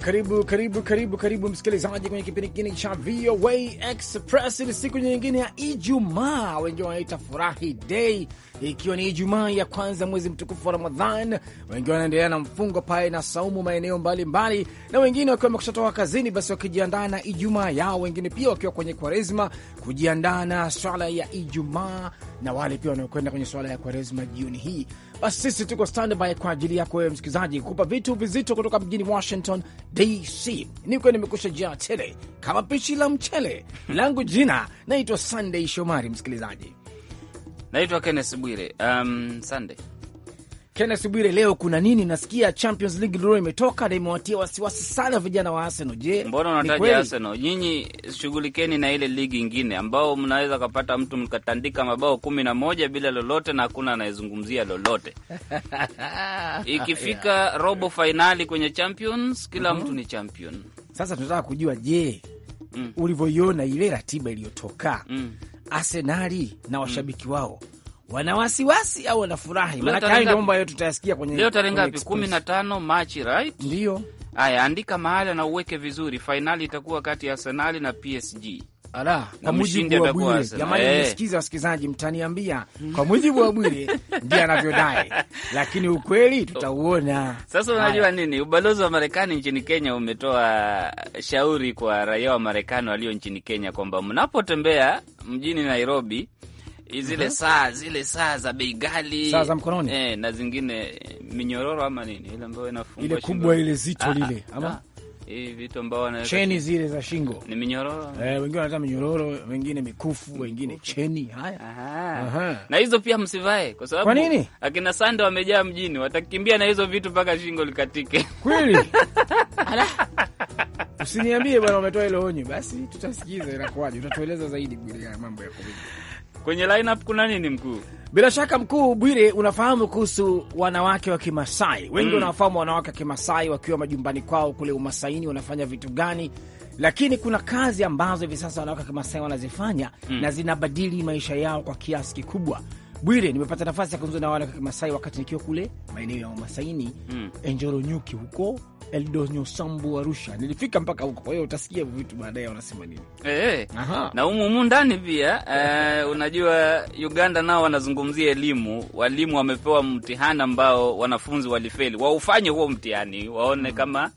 Karibu karibu karibu karibu msikilizaji kwenye kipindi kingine cha VOA Express. Ni siku nyingine ya Ijumaa, wengi wanaita furahi dei, ikiwa ni Ijumaa ya kwanza mwezi mtukufu wa Ramadhan. Wengi wanaendelea na mfungo pale na saumu maeneo mbalimbali, na wengine wakiwa wamekushatoka kazini, basi wakijiandaa na Ijumaa yao, wengine pia wakiwa kwenye Kwaresma kujiandaa na swala ya Ijumaa, na wale pia wanaokwenda kwenye swala ya Kwaresma jioni hii basi sisi tuko standby kwa ajili yako wewe msikilizaji, kupa vitu vizito kutoka mjini Washington DC. Niko nimekusha jaa tele kama pishi la mchele langu. Jina naitwa Sunday Shomari. Msikilizaji naitwa Kenneth Bwire. Um, Sunday Kenneth Bwire, leo kuna nini? Nasikia Champions League draw imetoka na imewatia wasiwasi sana vijana wa Arsenal. Je, mbona unataja Arsenal? Nyinyi shughulikeni na ile ligi ingine ambao mnaweza kapata mtu mkatandika mabao kumi na moja bila lolote na hakuna anayezungumzia lolote ikifika yeah, robo fainali kwenye Champions kila mm -hmm. mtu ni champion. Sasa tunataka kujua je, mm. ulivyoiona ile ratiba iliyotoka mm. Arsenali na mm. washabiki mm. wao wana wasiwasi au wanafurahi? Maana hayo ndio mambo ambayo tutayasikia kwenye leo. Tarehe ngapi? Machi, right? Ndio. Haya, andika na uweke vizuri. Fainali itakuwa kati ya Arsenal na PSG. Ala, kwa mujibu wa Bwire, jamani, eh. wasikilizaji, mtaniambia kwa mujibu wa Bwire ndiye anavyodai, lakini ukweli tutauona. Sasa unajua nini, ubalozi wa Marekani nchini Kenya umetoa shauri kwa raia wa Marekani walio nchini Kenya kwamba mnapotembea mjini Nairobi zile saa zile saa za bei ghali, saa za mkononi eh, na zingine eh, minyororo ama nini ile ambayo inafungwa ile kubwa ile zito ah, ah, lile ama ah, hii vitu ambao wanaweka cheni zile za shingo ni minyororo eh, wengine wanaita minyororo, wengine mikufu, wengine cheni. Haya, aha. Aha. Na hizo pia msivae, kwa sababu kwa nini akina Sanda wamejaa mjini, watakimbia na hizo vitu mpaka shingo likatike kweli. Ala, Usiniambie bwana, umetoa ile onyo, basi tutasikiza inakuwaje, utatueleza zaidi bila mambo ya Kwenye lineup kuna nini mkuu? Bila shaka mkuu Bwire, unafahamu kuhusu wanawake wa Kimasai wengi mm. Unawafahamu wanawake wa Kimasai wakiwa majumbani kwao kule Umasaini wanafanya vitu gani, lakini kuna kazi ambazo hivi sasa wanawake wa Kimasai wanazifanya mm. na zinabadili maisha yao kwa kiasi kikubwa Bwire, nimepata nafasi ya kuzungumza na wale wa Kimasai wakati nikiwa kule maeneo ya Wamasaini mm. Enjoro Nyuki huko Eldo Arusha, nilifika mpaka huko. Kwa hiyo utasikia vitu baadaye, wanasema nini hey, eh, eh. na humu humu ndani pia uh, unajua Uganda nao wanazungumzia elimu. Walimu wamepewa mtihani ambao wanafunzi walifeli, waufanye huo mtihani waone mm. kama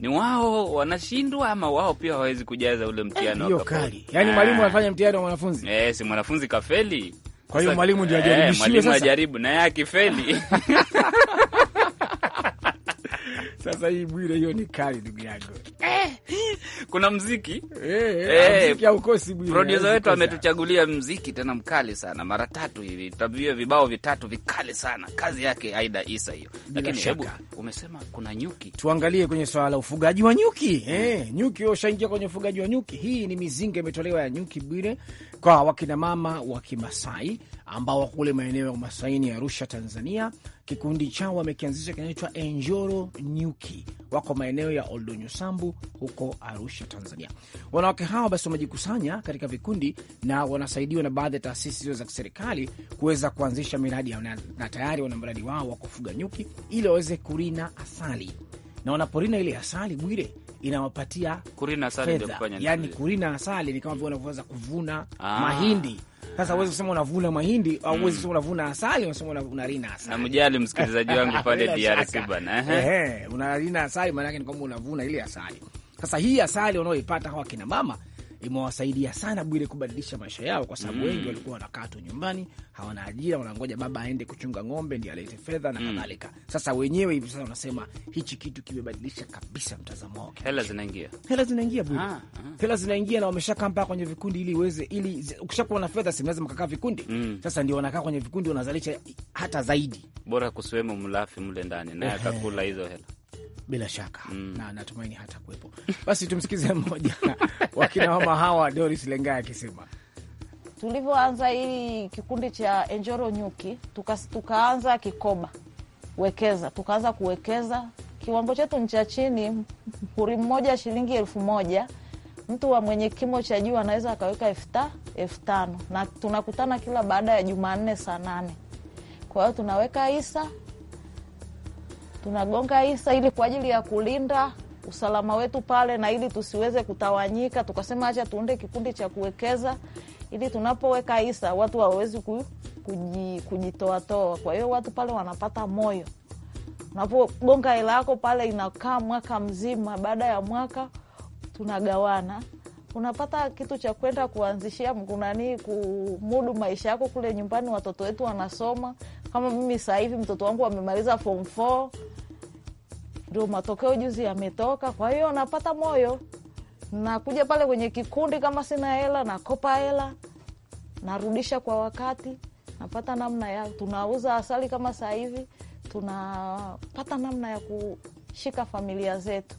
ni wao wanashindwa ama wao pia hawawezi kujaza ule mtihani. yaani ah. mwalimu anafanya mtihani wa mwanafunzi eh, si mwanafunzi kafeli kwa hiyo mwalimu ndio ajaribishiwe sasa. Mwalimu eh, ajaribu na akifeli. Sasa hii Bwire, hiyo ni kali ndugu yangu. Eh, kuna mziki eh, produsa wetu ametuchagulia mziki tena mkali sana, mara tatu hivi tutabia vibao vitatu vikali sana. Kazi yake Aida Isa hiyo. Lakini hebu umesema kuna nyuki, tuangalie kwenye swala la ufugaji wa nyuki. Eh, nyuki ushaingia kwenye ufugaji wa nyuki. Hii ni mizinga imetolewa ya nyuki Bwire, kwa wakinamama wa Kimasai ambao wa kule maeneo ya Masaini ya Arusha, Tanzania. Kikundi chao wamekianzisha kinaitwa Enjoro Nyuki, wako maeneo ya Oldonyusambu huko Arusha, Tanzania. Wanawake hawa basi wamejikusanya katika vikundi na wanasaidiwa na baadhi ya taasisi hizo za kiserikali kuweza kuanzisha miradi yao, na tayari wana mradi wao wa kufuga nyuki ili waweze kurina asali, na wanaporina ile asali Bwire inawapatia fedha. Yani kurina asali ni kama vile unavyoweza kuvuna ah, mahindi sasa uwezi ah. kusema unavuna mahindi au uwezi mm. kusema unavuna asali, unasema unarina asali. Namjali msikilizaji wangu pale DRC bana, unarina asali, maanake ni kwamba unavuna ile asali. Sasa hii asali wanaoipata hawa kina mama imewasaidia sana Bwire kubadilisha maisha yao, kwa sababu mm. wengi walikuwa wanakaa tu nyumbani, hawana ajira, wanangoja baba aende kuchunga ng'ombe ndi alete fedha na mm. Sasa wenyewe hivi sasa wanasema hichi kitu kimebadilisha kabisa mtazamo wake. Hela zinaingia, hela zinaingia Bwire, ah, ah. hela zinaingia na wameshakaa mpaka kwenye vikundi, ili iweze ili ukishakuwa na fedha si lazima kakaa vikundi mm. Sasa ndio wanakaa kwenye vikundi, wanazalisha hata zaidi, bora kusiwemo mlafi mle ndani naye akakula hizo hela bila shaka mm. na natumaini hata kuwepo. Basi tumsikize mmoja wakinamama hawa, Doris Lengai akisema tulivyoanza hili kikundi cha Enjoro Nyuki tuka, tukaanza Kikoba Wekeza, tukaanza kuwekeza. Kiwango chetu ni cha chini, huri mmoja shilingi elfu moja mtu wa mwenye kimo cha juu anaweza akaweka elfu tano na tunakutana kila baada ya Jumanne saa nane. Kwa hiyo tunaweka hisa tunagonga hisa ili kwa ajili ya kulinda usalama wetu pale, na ili tusiweze kutawanyika, tukasema hacha tuunde kikundi cha kuwekeza ili tunapoweka isa watu wawezi kujitoatoa. Kwa hiyo watu pale wanapata moyo. Unapogonga hela yako pale, inakaa mwaka mzima. Baada ya mwaka tunagawana unapata kitu cha kwenda kuanzishia nani kumudu maisha yako kule nyumbani. Watoto wetu wanasoma, kama mimi sasa hivi mtoto wangu amemaliza form four, ndio matokeo juzi yametoka. Kwa hiyo napata moyo, nakuja pale kwenye kikundi, kama sina hela nakopa hela, narudisha kwa wakati, napata namna ya tunauza asali kama sasa hivi tunapata namna ya kushika familia zetu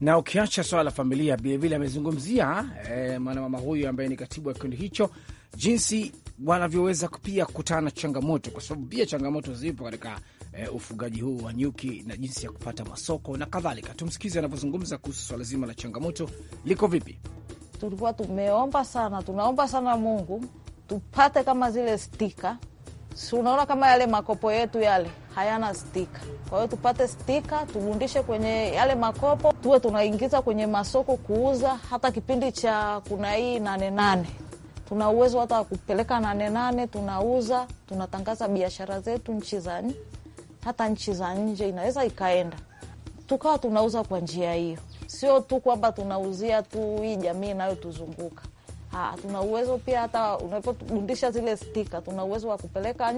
na ukiacha swala la familia vilevile amezungumzia eh, mwanamama huyu ambaye ni katibu wa kikundi hicho jinsi wanavyoweza pia kukutana na changamoto, kwa sababu pia changamoto zipo katika eh, ufugaji huu wa nyuki na jinsi ya kupata masoko na kadhalika. Tumsikize anavyozungumza kuhusu swala zima la changamoto liko vipi. Tulikuwa tumeomba sana, tunaomba sana Mungu tupate kama zile stika si unaona kama yale makopo yetu yale hayana stika. Kwa hiyo tupate stika, tugundishe kwenye yale makopo, tuwe tunaingiza kwenye masoko kuuza. Hata kipindi cha kuna hii nane nane tuna uwezo hata wa kupeleka nane nane, tunauza, tunatangaza biashara zetu nchi za nje, hata nchi za nje inaweza ikaenda, tukawa tunauza kwa njia hiyo, sio tu kwamba tunauzia tu hii jamii inayotuzunguka. Ah, tuna uwezo pia hata unapogundisha zile stika, tuna uwezo wa kupeleka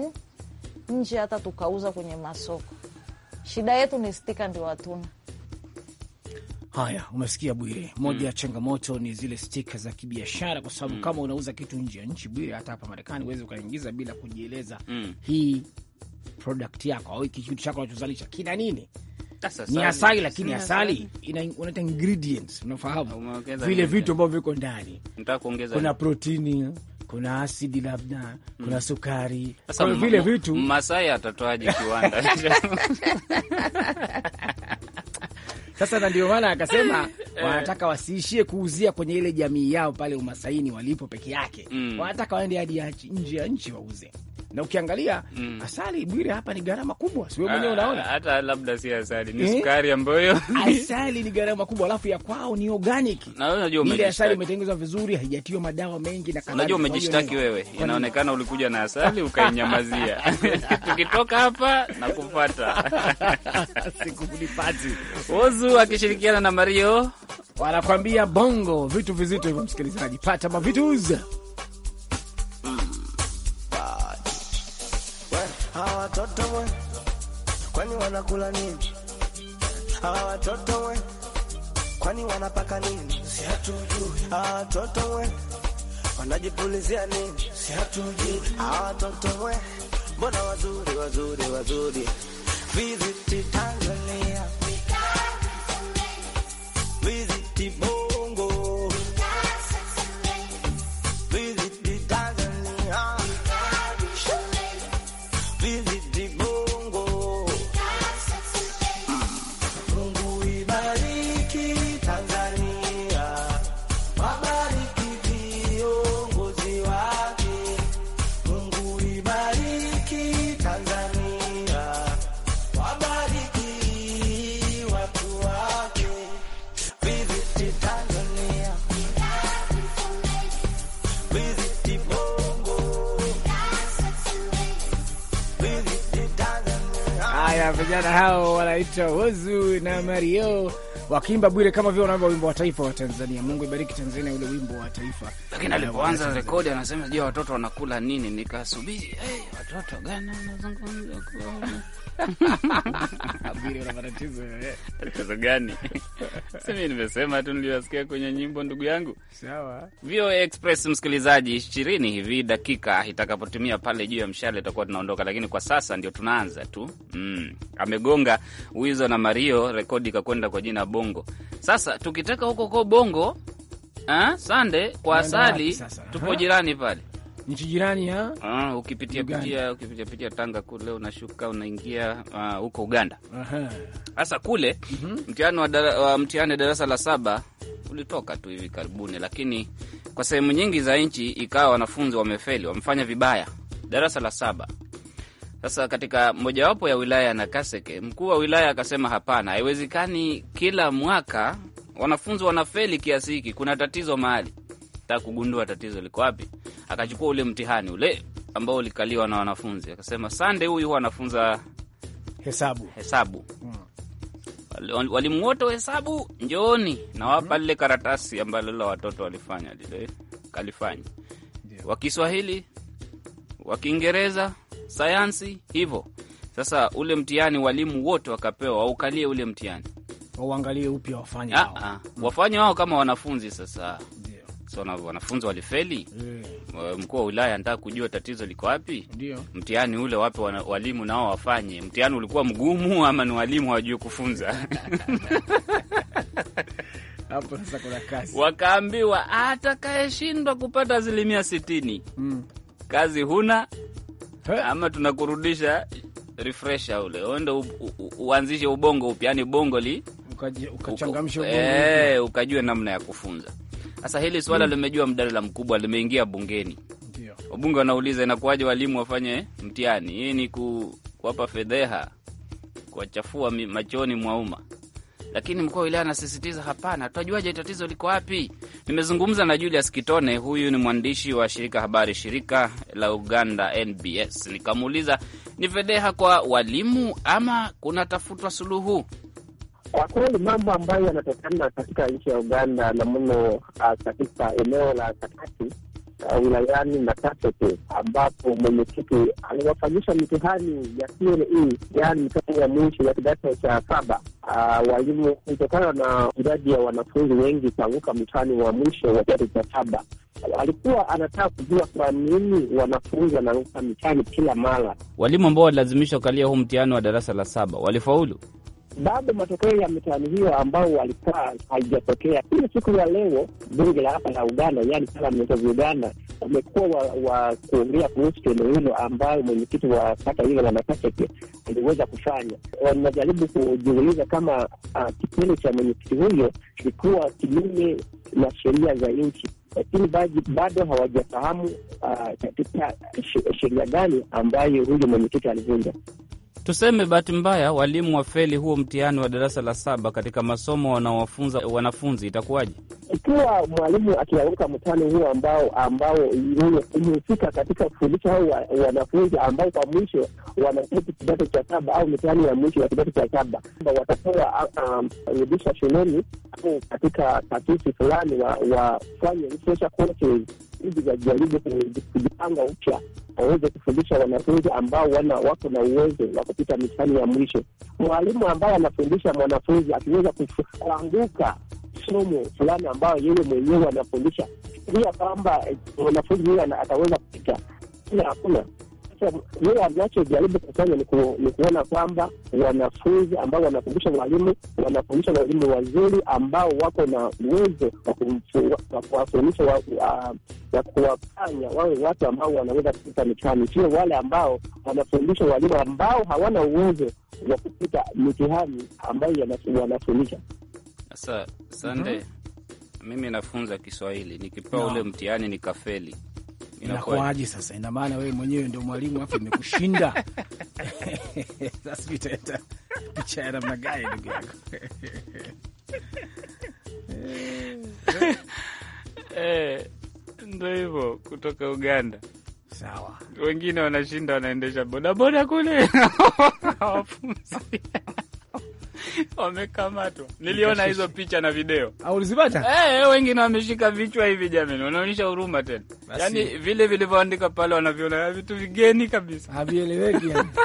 nje hata tukauza kwenye masoko. Shida yetu ni stika ndio hatuna. Haya, umesikia Bwire, moja ya mm, changamoto ni zile stika za kibiashara, kwa sababu mm, kama unauza kitu nje ya nchi Bwire, hata hapa Marekani uweze ukaingiza bila kujieleza mm, hii product yako au kitu chako unachozalisha kina nini ni asali lakini asali unaita ingredients, unafahamu vile vitu ambavyo viko ndani, kuna protini kuna asidi labda mm. kuna sukari kwa vile vitu. Masai atatoaje kiwanda? Sasa na ndio maana akasema eh. wanataka wasiishie kuuzia kwenye ile jamii yao pale umasaini walipo peke yake mm. wanataka waende hadi nje ya nchi wauze na ukiangalia mm. asali Bwire, hapa ni gharama kubwa, si wewe ah, mwenyewe unaona? Hata labda si asali, ni eh? sukari ambayo asali ni gharama kubwa, alafu ya kwao ni organic. na wewe unajua Ile asali imetengenezwa vizuri, haijatiwa madawa mengi na kadhalika. Unajua umejishtaki wewe, inaonekana ulikuja na asali ukainyamazia. Tukitoka hapa na kufuata sikunipati Ozu akishirikiana na Mario wanakwambia bongo vitu vizito hivyo, msikilizaji, pata mavituza watoto we, kwani wanakula nini? Hawa watoto we, kwani wanapaka nini? Si hatujui. Hawa watoto we, wanajipulizia nini? Si hatujui. Hawa watoto we, mbona wazuri wazuri wazuri, visit Tanzania hao wanaitwa Wozu na Mario wakiimba Bwire kama vile wanaimba wimbo wa taifa wa Tanzania. Mungu ibariki Tanzania, ule wimbo wa taifa. Lakini alipoanza rekodi anasema sijui watoto wanakula nini, nikasubiri hey, watoto gani wanazungumza eh. tatizo gani? Simi nimesema tu niliwasikia kwenye nyimbo, ndugu yangu. Sawa, VOA Express msikilizaji, ishirini hivi dakika itakapotumia pale juu ya mshale itakuwa tunaondoka, lakini kwa sasa ndio tunaanza tu mm. Amegonga Wizo na Mario, rekodi ikakwenda kwa jina Bongo Bongo. Sasa tukitaka huko ko Bongo ha? Sande kwa asali tupo jirani pale nchi jirani ha? Ah, ukipitia pitia, ukipitia pitia Tanga kule unashuka unaingia huko uh, Uganda. Sasa kule mm -hmm. wa, mtihani wa darasa la saba ulitoka tu hivi karibuni, lakini kwa sehemu nyingi za nchi ikawa wanafunzi wamefeli, wamefanya vibaya darasa la saba sasa katika mojawapo ya wilaya ya Nakaseke, mkuu wa wilaya akasema hapana, haiwezekani kila mwaka wanafunzi wanafeli kiasi hiki, kuna tatizo mahali. Taka kugundua tatizo liko wapi, akachukua ule mtihani ule ambao ulikaliwa na wanafunzi, akasema Sande huyu huwa anafunza hesabu, hesabu. Hmm. Walimu wote hesabu njooni, nawapa hmm. lile karatasi ambalo la watoto walifanya lile kalifanya, wa Kiswahili wa Kiingereza sayansi hivyo. Sasa ule mtihani walimu wote wakapewa waukalie ule mtihani wauangalie upya, wafanye wao, ah, ah. wafanye wao kama wanafunzi sasa wanafunzi walifeli. Yeah. Mkuu wa wilaya anataka kujua tatizo liko wapi. Mtihani ule wape walimu nao wafanye. Mtihani ulikuwa mgumu ama ni walimu hawajui kufunza? Hapo sasa kuna kazi. Wakaambiwa ah, atakayeshindwa kupata asilimia sitini, mm, kazi huna Eh? ama tunakurudisha refresher ule uende uanzishe ubongo upya, yani bongo li ukachangamsha ubongo ee, ukajue namna ya kufunza. Sasa hili swala hmm, limejua mdadala mkubwa, limeingia bungeni. Ndio wabunge wanauliza inakuwaje walimu wafanye mtihani? Hii ni kuwapa fedheha, kuwachafua machoni mwa umma lakini mkuu wa wilaya anasisitiza hapana, tutajuaje tatizo liko wapi? Nimezungumza na Julius Kitone, huyu ni mwandishi wa shirika habari shirika la Uganda NBS, nikamuuliza ni fedheha kwa walimu ama kunatafutwa suluhu? Kwa kweli mambo ambayo yanatokana katika nchi ya Uganda na mno ah, katika eneo la katikati wilayani na tu ambapo mwenyekiti aliwafanyisha mitihani ya CRE, yaani mitihani ya mwisho ya kidato cha saba. Ah, walimu, kutokana na idadi ya wanafunzi wengi kuanguka mtihani wa mwisho wa kidato cha saba, alikuwa anataka kujua kwa nini wanafunzi wanaanguka mtihani kila mara. Walimu ambao walilazimisha kukalia huu mtihani wa darasa la saba walifaulu bado matokeo ya mitihani hiyo ambao walikuwa haijatokea. Ile siku ya leo bunge la hapa la Uganda, yani parliament of Uganda, wamekuwa wa kuongea kuhusu tendo hilo ambayo mwenyekiti wa kata hilo Wanakaseke aliweza kufanya. Wanajaribu kujiuliza kama ah, kitendo cha mwenyekiti huyo kilikuwa kinyume na sheria za nchi lakini bado hawajafahamu ah, katika sheria gani ambayo huyu mwenyekiti alivunja. Tuseme bahati mbaya walimu wafeli huo mtihani wa darasa la saba katika masomo wanaowafunza wanafunzi, itakuwaje ikiwa mwalimu akianguka mtihani huo ambao ambao ulihusika katika kufundisha hao wanafunzi ambao kwa mwisho wanaketi kidato cha saba au mitihani ya mwisho ya kidato cha saba watapewa ah, ah, rudisha shuleni au katika taasisi fulani wafanye hizi wajaribu kujipanga upya, waweze kufundisha wanafunzi ambao wana wako na uwezo wa kupita mistani ya mwisho. Mwalimu ambaye anafundisha mwanafunzi akiweza kuanguka somo fulani ambayo yeye mwenyewe anafundisha, ia kwamba eh, mwanafunzi huyo ataweza kupita, ila hakuna sasa yeye anachojaribu kufanya ni kuona kwamba wanafunzi ambao wanafundisha walimu wanafundisha walimu wazuri ambao wako na uwezo wa kuwafundisha na kuwafanya wawe watu ambao wanaweza kupita mitihani, sio wale ambao wanafundisha walimu ambao hawana uwezo wa kupita mitihani ambayo wanafundisha. Sasa Sande, mm -hmm. Mimi nafunza Kiswahili nikipewa no. ule mtihani nikafeli inakuwaje sasa? Ina maana wewe mwenyewe ndio mwalimu afu imekushinda sasa, utaeta picha ya namna gani ndugu yako? Eh, ndo hivyo kutoka Uganda. Sawa, wengine wanashinda wanaendesha bodaboda kule hawafunzi wamekamatwa. Niliona hizo picha na video, ulizipata? Eh, eh wengine wameshika vichwa hivi, jamani, wanaonyesha huruma tena, yaani vile vilivyoandika pale wanaviona ah, vitu vigeni kabisa, havieleweki yani.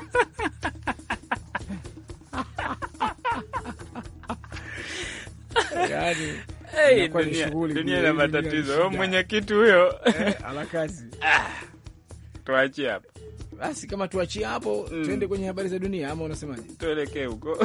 Yaani, yani, hey, dunia, ina matatizo. Mwenyekiti huyo eh, ana kazi, ah, tuachie hapa. Basi kama tuachie hapo mm, tuende kwenye habari za dunia, ama unasemaje? Tuelekee huko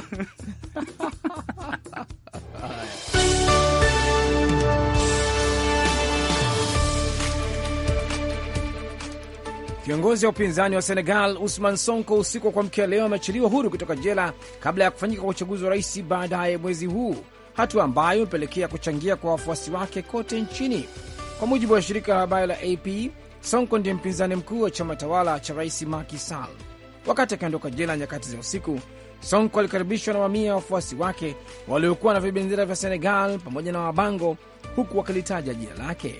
Kiongozi wa upinzani wa Senegal Usman Sonko usiku wa kuamkia leo ameachiliwa huru kutoka jela kabla ya kufanyika kwa uchaguzi wa rais baadaye mwezi huu, hatua ambayo imepelekea kuchangia kwa wafuasi wake kote nchini, kwa mujibu wa shirika la habari la AP. Sonko ndiye mpinzani mkuu wa chama tawala cha rais Macky Sall. Wakati akiondoka jela nyakati za usiku, Sonko alikaribishwa na mamia ya wafuasi wake waliokuwa na vibendera vya Senegal pamoja na mabango, huku wakilitaja jina lake.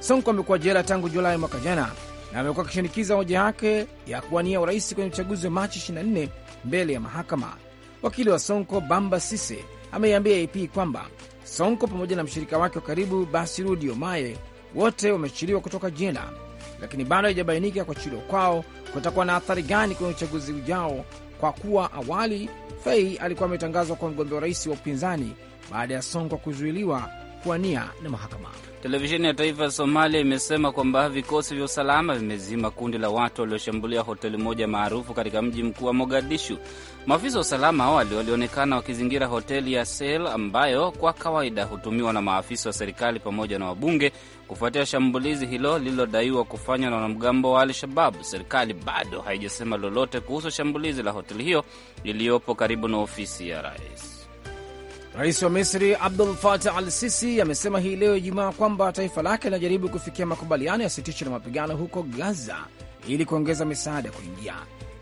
Sonko amekuwa jela tangu Julai mwaka jana na amekuwa akishinikiza hoja yake ya kuwania urais kwenye uchaguzi wa Machi 24 mbele ya mahakama. Wakili wa Sonko Bamba Sise ameiambia AP kwamba Sonko pamoja na mshirika wake wa karibu Basiru Diomaye wote wameachiliwa kutoka jela lakini bado haijabainika kwa kuchuliwa kwao kutakuwa na athari gani kwenye uchaguzi ujao, kwa kuwa awali Fei alikuwa ametangazwa kwa mgombea wa rais wa upinzani baada ya Songwa kuzuiliwa kuwania na mahakama. Televisheni ya taifa ya Somalia imesema kwamba vikosi vya usalama vimezima kundi la watu walioshambulia hoteli moja maarufu katika mji mkuu wa Mogadishu. Maafisa wa usalama awali walionekana wakizingira hoteli ya Sel ambayo kwa kawaida hutumiwa na maafisa wa serikali pamoja na wabunge kufuatia shambulizi hilo lililodaiwa kufanywa na wanamgambo wa Al-Shababu. Serikali bado haijasema lolote kuhusu shambulizi la hoteli hiyo iliyopo karibu na ofisi ya rais. Rais wa Misri Abdul Fatah al Sisi amesema hii leo Ijumaa kwamba taifa lake linajaribu kufikia makubaliano ya sitisho la mapigano huko Gaza ili kuongeza misaada kuingia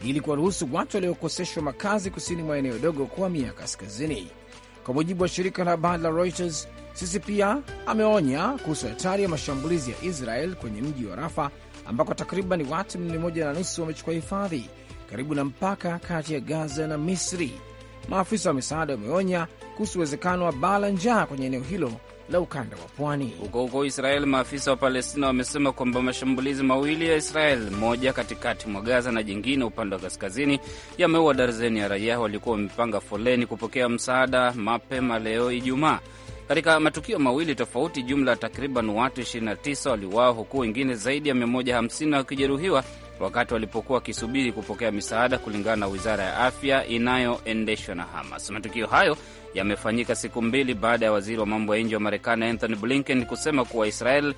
ili kuwaruhusu watu waliokoseshwa makazi kusini mwa eneo dogo kuhamia kaskazini. Kwa mujibu wa shirika la habari la Reuters, Sisi pia ameonya kuhusu hatari ya mashambulizi ya Israel kwenye mji wa Rafa ambako takriban watu milioni moja na nusu wamechukua hifadhi karibu na mpaka kati ya Gaza na Misri. Maafisa wa misaada wameonya kuhusu uwezekano wa baa la njaa kwenye eneo hilo la ukanda wa pwani. Huko huko Israel, maafisa wa Palestina wamesema kwamba mashambulizi mawili ya Israel, moja katikati mwa Gaza na jingine upande wa kaskazini, yameua darzeni ya raia walikuwa wamepanga foleni kupokea msaada mapema leo Ijumaa. Katika matukio mawili tofauti, jumla ya takriban watu 29 waliuawa huku wengine zaidi ya 150 wakijeruhiwa wakati walipokuwa wakisubiri kupokea misaada, kulingana na wizara ya afya inayoendeshwa na Hamas. Matukio hayo yamefanyika siku mbili baada ya waziri wa mambo ya nje wa Marekani Anthony Blinken kusema kuwa Israel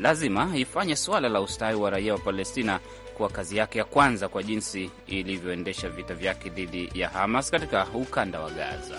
lazima ifanye suala la ustawi wa raia wa Palestina kuwa kazi yake ya kwanza kwa jinsi ilivyoendesha vita vyake dhidi ya Hamas katika ukanda wa Gaza.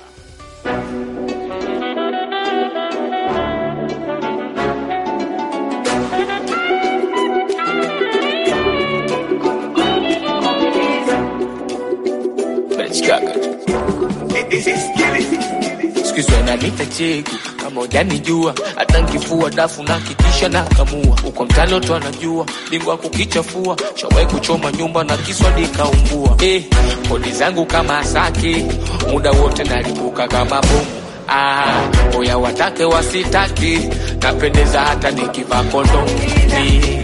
kama ujanijua hata nkifua dafu na kikisha na kamua uko mtani tu anajua lingwa kukichafua shawai kuchoma nyumba na kiswadi kaungua eh, kodi zangu kama asaki muda wote nalipuka kama bomu Ah, oya watake wasitaki, napendeza hata nikivaa kondomu. Eh,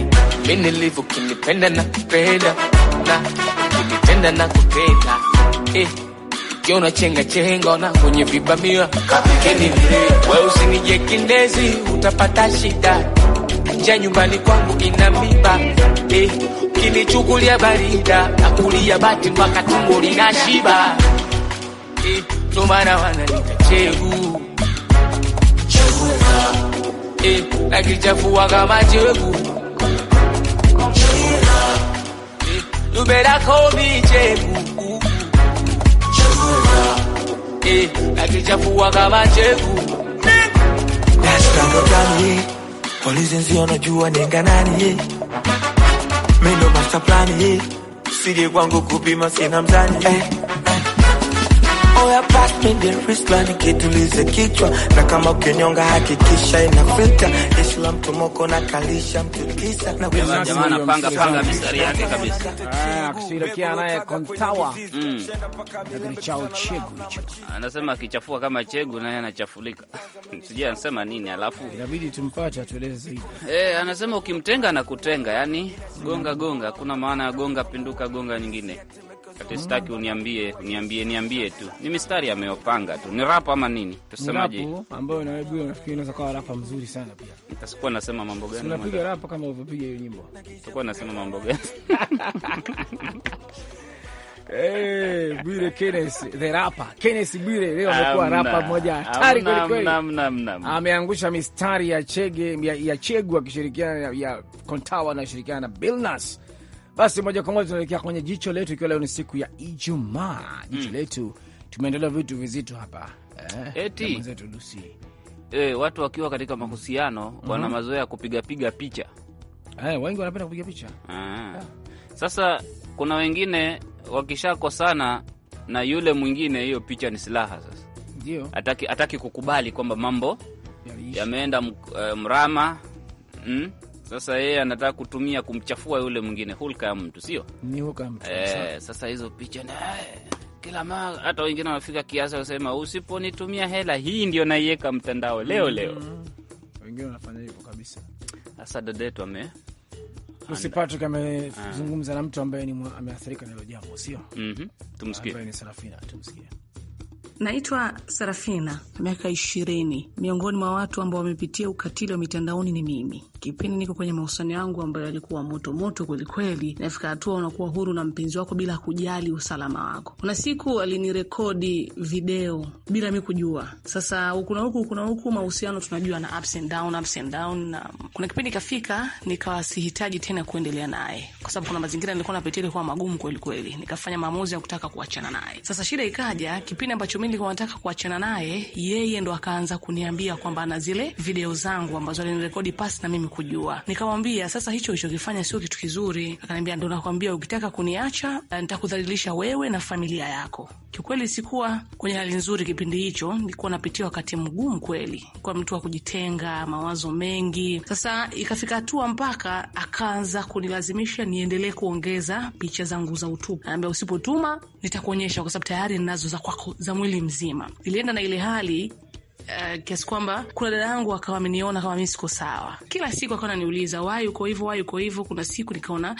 mimi nilivyo kinipenda na kupenda na kinipenda na kupenda eh, yo unachenga chenga na kwenye vibamia kapikeni wewe, usinije kindezi utapata shida. Njia nyumbani kwangu ina miba eh, kinichukulia barida akulia bati mpaka tumbo linashiba eh, ndo wana wananika chegu eh, nakichafua kama chegu eh, lubera komi chegu maji nakichafua kama cheku nzio najua nenga nani Mendo master plan kwangu kupima sina mzani ya pass me the wrist line, kitulize kichwa, na kama ukinyonga hakikisha ina filter Islam tumoko na kalisha mtikisa na kwa jamaa anapanga panga mistari yake kabisa. Ah, akishirikiana naye Kontawa. Mm. Ni chao chegu Anasema akichafua kama chegu naye anachafulika. Sijui anasema nini alafu. Inabidi tumpate atueleze zaidi. Eh, anasema ukimtenga na kutenga, yani gonga gonga, kuna maana ya gonga pinduka gonga nyingine. Sitaki uniambie niambie niambie tu, ni mistari ameopanga tu, ni rap ama nini? Tusemaje ambayo na wewe unafikiri unaweza kuwa rap mzuri sana pia? Nitakuwa nasema mambo gani? Unapiga rap kama ulivyopiga hiyo nyimbo, tutakuwa nasema mambo gani? Hey, eh, Bwire Kenes the rapper. Kenes Bwire leo amekuwa rapa moja hatari kweli kweli, ameangusha mistari ya Chege ya, ya Chegu akishirikiana ya Kontawa anashirikiana na Billnas basi moja kwa moja tunaelekea kwenye jicho letu, ikiwa leo ni siku ya Ijumaa. Hmm. Jicho mm. letu tumeendelea vitu vizito hapa eh, eti mwenzetu Lusi eh, watu wakiwa katika mahusiano mm -hmm. wana mazoea ya kupigapiga picha eh, wengi wanapenda kupiga picha ah. ah. Sasa kuna wengine wakishakosana na yule mwingine, hiyo picha ni silaha sasa. Ndio hataki, kukubali kwamba mambo yameenda eh, mrama mm? Sasa yeye anataka kutumia kumchafua yule mwingine, hulka ya mtu sio ni hulka mtu e. Sasa hizo picha eh, kila mara, hata wengine wanafika kiasi wasema usiponitumia hela hii ndio naiweka mtandao leo mhm. leo. Mm Wengine wanafanya hivyo kabisa. Sasa ame Lucy Patrick amezungumza ah. na mtu ambaye ameathirika na hilo jambo, sio? mm -hmm. Tumsikie. Ambaye ni tumsikie. Naitwa Sarafina, miaka ishirini. Miongoni mwa watu ambao wamepitia ukatili wa mitandaoni ni mimi. Kipindi niko kwenye mahusiano yangu ambayo yalikuwa moto kwelikweli, nafika hatua unakuwa huru na mpenzi wako bila kujali usalama wako. Kuna siku alinirekodi video bila mi kujua. Sasa huku na huku, huku na huku, mahusiano tunajua na ups and down, ups and down, na kuna kipindi kafika nikawa sihitaji tena kuendelea naye, kwa sababu kuna mazingira nilikuwa napitia ilikuwa magumu kwelikweli, nikafanya maamuzi ya kutaka kuachana naye. Sasa shida ikaja kipindi ambacho mi nilikuwa nataka kuachana naye, yeye ndo akaanza kuniambia kwamba ana zile video zangu ambazo alinirekodi pasi na mimi kujua. Nikamwambia sasa, hicho ulichokifanya sio kitu kizuri. Akaniambia ndo nakwambia, ukitaka kuniacha eh, nitakudhalilisha wewe na familia yako. Kiukweli sikuwa kwenye hali nzuri kipindi hicho, nilikuwa napitia wakati mgumu kweli, kwa mtu wa kujitenga, mawazo mengi. Sasa ikafika hatua mpaka akaanza kunilazimisha niendelee kuongeza picha zangu za utupu, Anaambia usipotuma nitakuonyesha, kwa sababu tayari ninazo za kwako za mwili mzima. Nilienda na ile hali Uh, kiasi kwamba kuna dada yangu akawa ameniona kama mi siko sawa. Kila siku akawa naniuliza wai uko hivo, wai uko hivo. Kuna siku nikaona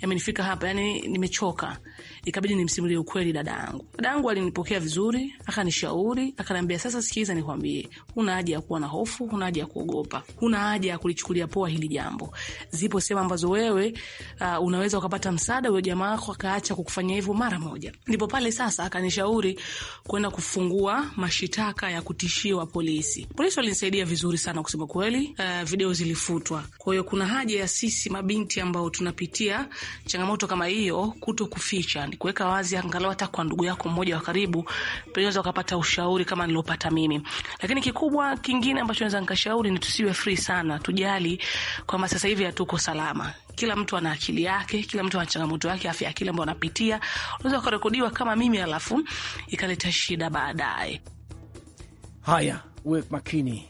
yamenifika hapa, yani nimechoka ikabidi nimsimulie ukweli dada yangu. Dada yangu alinipokea vizuri, akanishauri, akaniambia, sasa sikiliza, nikwambie, huna haja ya kuwa na hofu, huna haja ya kuogopa, huna haja ya kulichukulia poa hili jambo. Zipo sehemu ambazo wewe uh, unaweza ukapata msaada, huyo jamaa wako akaacha kukufanyia hivyo mara moja. Ndipo pale sasa akanishauri kwenda kufungua mashitaka ya kutishiwa polisi. Polisi walinisaidia vizuri sana kusema kweli. Uh, video zilifutwa. Kwa hiyo kuna haja ya sisi mabinti ambao tunapitia changamoto kama hiyo kuto kuficha kuweka wazi angalau hata kwa ndugu yako mmoja wa karibu, unaweza ukapata ushauri kama nilopata mimi. Lakini kikubwa kingine ambacho naweza nikashauri ni tusiwe free sana, tujali kwamba sasa hivi hatuko salama. Kila mtu ana akili yake, kila mtu ana changamoto yake, afya akili ambayo anapitia, unaweza ukarekodiwa kama mimi, alafu ikaleta shida baadaye. Haya, uwe makini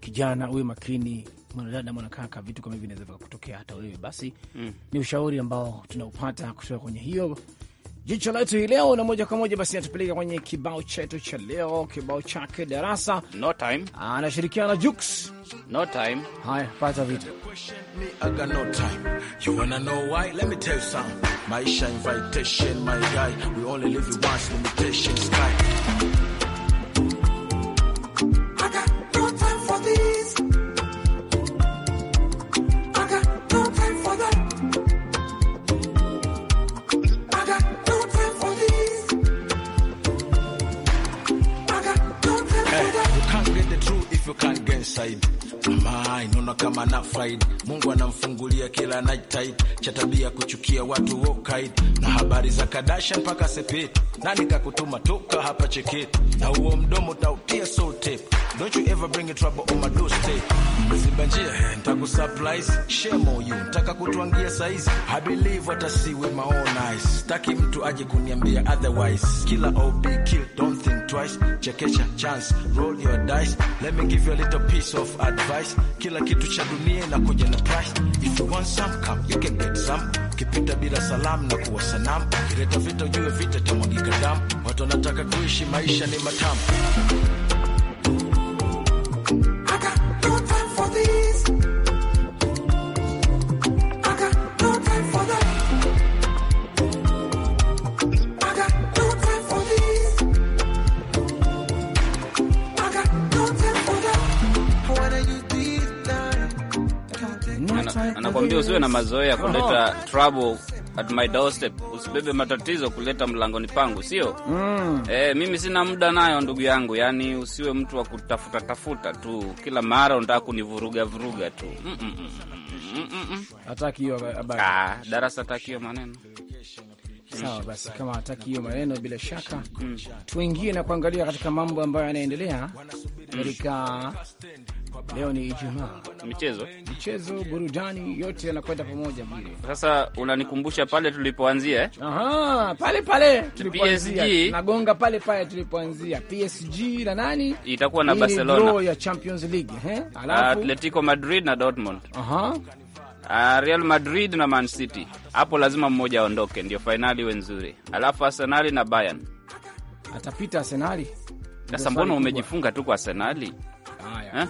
kijana, uwe makini mwanadada, mwanakaka, vitu kama hivi vinaweza vikakutokea hata wewe. Basi mm. ni ushauri ambao tunaupata kutoka kwenye hiyo jicho letu hii leo, na moja kwa moja basi natupeleka kwenye kibao chetu cha leo, kibao chake Darasa no time, anashirikiana na Jux no time. Haya, pata vitu time mama inaona kama na faida, Mungu anamfungulia kila night time, cha tabia kuchukia watu wokaid na habari za kadasha mpaka sepeti, nani kakutuma toka hapa cheketi, na huo mdomo tautia soul tape, don't you ever bring a trouble on my doorstep, mziba njia ntaku surprise shemo you ntaka kutuangia saizi, I believe what I see with my own eyes, staki mtu aje kuniambia otherwise, kila ob kill don't twice, chekesha chance, roll your dice. Let me give you a little piece of advice. Kila kitu cha dunia na kuja na price. If you want some, come, you can get some. Kipita bila salamu na kuwa sanamu. Kireta vita ujue vita tamwagika damu. Watu wanataka kuishi maisha ni matamu. Nakwambia usiwe na mazoea kuleta oh. trouble at my doorstep, usibebe matatizo kuleta mlangoni pangu, sio mm. E, mimi sina muda nayo ndugu yangu, yani usiwe mtu wa kutafuta tafuta tu kila mara unataka kunivuruga vuruga tu mm -mm. Mm -mm. mm, mm, mm Atakio, ah, darasa takio maneno Sawa basi, kama hataki hiyo maneno, bila shaka mm. tuingie na kuangalia katika mambo ambayo yanaendelea katika leo. Ni Ijumaa, michezo, michezo, burudani, yote yanakwenda pamoja vile. Sasa unanikumbusha pale tulipoanzia eh? pale pale tulipoanzia, nagonga pale pale tulipoanzia, PSG na nani itakuwa na Barcelona ya Champions League eh, alafu Atletico Madrid na Dortmund. Aha uh, Real Madrid na Man City. Hapo lazima mmoja aondoke, ndio fainali iwe nzuri. Alafu Arsenali na Bayern. Atapita Arsenali. Sasa mbona umejifunga tu kwa Arsenali? Eh?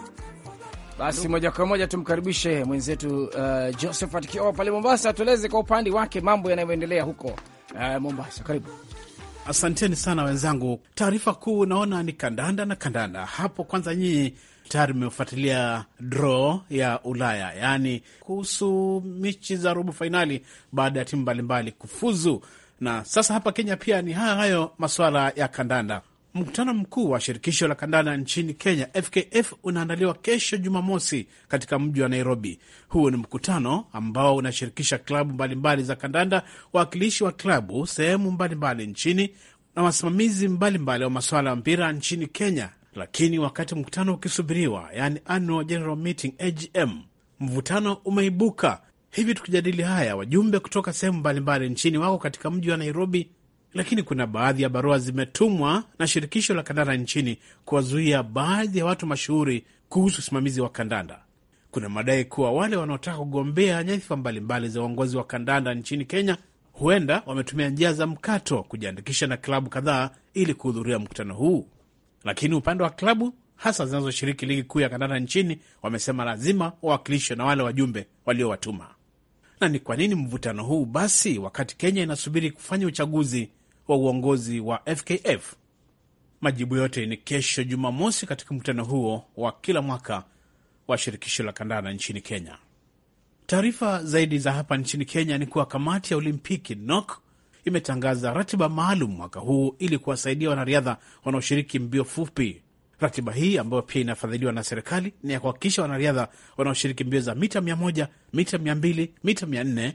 Basi moja kwa moja tumkaribishe mwenzetu uh, Josephat Kioo pale Mombasa, atueleze kwa upande wake mambo yanayoendelea huko uh, Mombasa. Karibu. Asanteni sana wenzangu. Taarifa kuu naona ni kandanda na kandanda hapo. Kwanza nyinyi tayari mmefuatilia draw ya Ulaya, yaani kuhusu michi za robo fainali baada ya timu mbalimbali kufuzu. Na sasa hapa Kenya pia ni hayo hayo masuala ya kandanda. Mkutano mkuu wa shirikisho la kandanda nchini Kenya, FKF, unaandaliwa kesho Jumamosi katika mji wa Nairobi. Huu ni mkutano ambao unashirikisha klabu mbalimbali za kandanda, wawakilishi wa klabu sehemu mbalimbali nchini na wasimamizi mbalimbali wa masuala ya mpira nchini Kenya lakini wakati mkutano ukisubiriwa, yani annual general meeting AGM, mvutano umeibuka. Hivi tukijadili haya, wajumbe kutoka sehemu mbalimbali nchini wako katika mji wa Nairobi, lakini kuna baadhi ya barua zimetumwa na shirikisho la kandanda nchini kuwazuia baadhi ya watu mashuhuri kuhusu usimamizi wa kandanda. Kuna madai kuwa wale wanaotaka kugombea nyadhifa mbalimbali za uongozi wa kandanda nchini Kenya huenda wametumia njia za mkato kujiandikisha na klabu kadhaa ili kuhudhuria mkutano huu lakini upande wa klabu hasa zinazoshiriki ligi kuu ya kandanda nchini wamesema lazima wawakilishwe na wale wajumbe waliowatuma. Na ni kwa nini mvutano huu basi, wakati Kenya inasubiri kufanya uchaguzi wa uongozi wa FKF? Majibu yote ni kesho Jumamosi, katika mkutano huo wa kila mwaka wa shirikisho la kandanda nchini Kenya. Taarifa zaidi za hapa nchini Kenya ni kuwa kamati ya Olimpiki NOK imetangaza ratiba maalum mwaka huu ili kuwasaidia wanariadha wanaoshiriki mbio fupi. Ratiba hii ambayo pia inafadhiliwa na serikali ni ya kuhakikisha wanariadha wanaoshiriki mbio za mita 100, mita 200, mita 400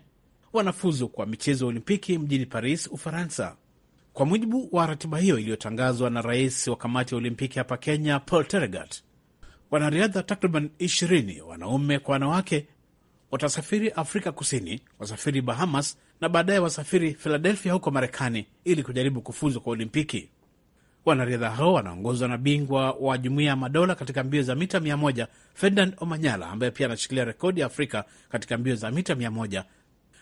wanafuzu kwa michezo ya Olimpiki mjini Paris, Ufaransa. Kwa mujibu wa ratiba hiyo iliyotangazwa na rais wa kamati ya Olimpiki hapa Kenya, Paul Teregat, wanariadha takriban 20 wanaume kwa wanawake watasafiri Afrika Kusini, wasafiri Bahamas na baadaye wasafiri Philadelphia huko Marekani ili kujaribu kufuzwa kwa Olimpiki. Wanariadha hao wanaongozwa na bingwa wa Jumuiya ya Madola katika mbio za mita 100 Ferdinand Omanyala ambaye pia anashikilia rekodi ya Afrika katika mbio za mita 100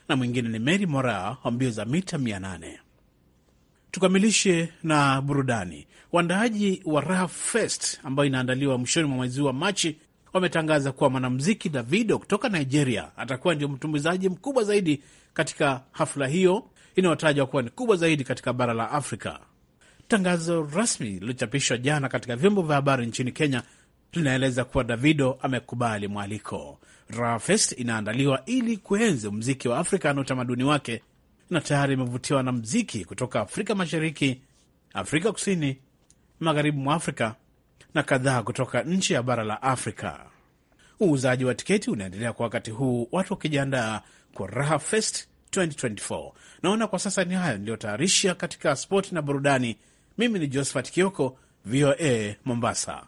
na mwingine ni Mary Moraa wa mbio za mita 800. Tukamilishe na burudani. Waandaaji wa Raha Fest ambayo inaandaliwa mwishoni mwa mwezi wa Machi wametangaza kuwa mwanamuziki Davido kutoka Nigeria atakuwa ndio mtumbuizaji mkubwa zaidi katika hafla hiyo inayotajwa kuwa ni kubwa zaidi katika bara la Afrika. Tangazo rasmi lilochapishwa jana katika vyombo vya habari nchini Kenya linaeleza kuwa Davido amekubali mwaliko. Rafest inaandaliwa ili kuenzi mziki wa Afrika na utamaduni wake, na tayari imevutiwa na mziki kutoka Afrika Mashariki, Afrika Kusini, magharibi mwa Afrika na kadhaa kutoka nchi ya bara la Afrika. Uuzaji wa tiketi unaendelea kwa wakati huu, watu wakijiandaa kwa Raha Fest 2024. Naona kwa sasa ni hayo niliyotayarisha katika spoti na burudani. Mimi ni Josephat Kioko, VOA Mombasa.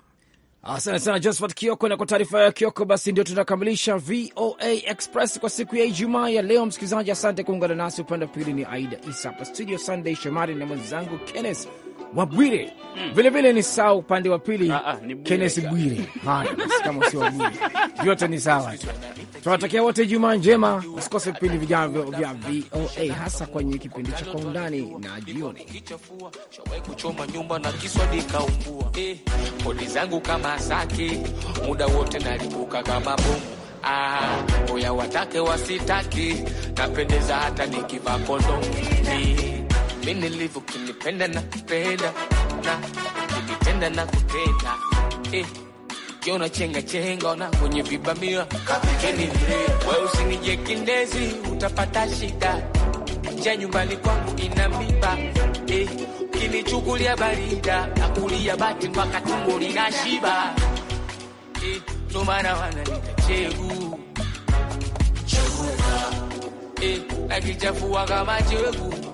Asante sana Josephat Kioko, na kwa taarifa ya Kioko basi ndio tunakamilisha VOA Express kwa siku ya Ijumaa ya leo. Msikilizaji, asante kuungana nasi. Upande wa pili ni Aida Isa hapa studio, Sunday Shomari na mwenzangu Kennes Wabwire mm. Vilevile ni sawa upande wa pili ah, ah, Kennes Bwire. Haya, kama sio Wabwire, vyote ni sawa tunawatakia wote Ijumaa njema. Usikose vipindi vijavyo vya VOA hasa kwenye kipindi cha Kwa Undani na Jioni. kuchoma nyumba na kiswa eh, zangu kama saki, muda wote kama bomu. Ah, oya watake wasitaki, napendeza hata nikivaa kondomu. Eh, mi nilivyo kinipenda na kupenda na na kutenda eh kiona chenga chenga na kwenye vibamia kapikeni, we usinije kindezi, utapata shida. Njia nyumbani kwangu ina miba eh, kinichukulia barida akulia bati mpaka tumbo linashiba eh, Tumana wana wananita chegu eh, nakichafua kama chegu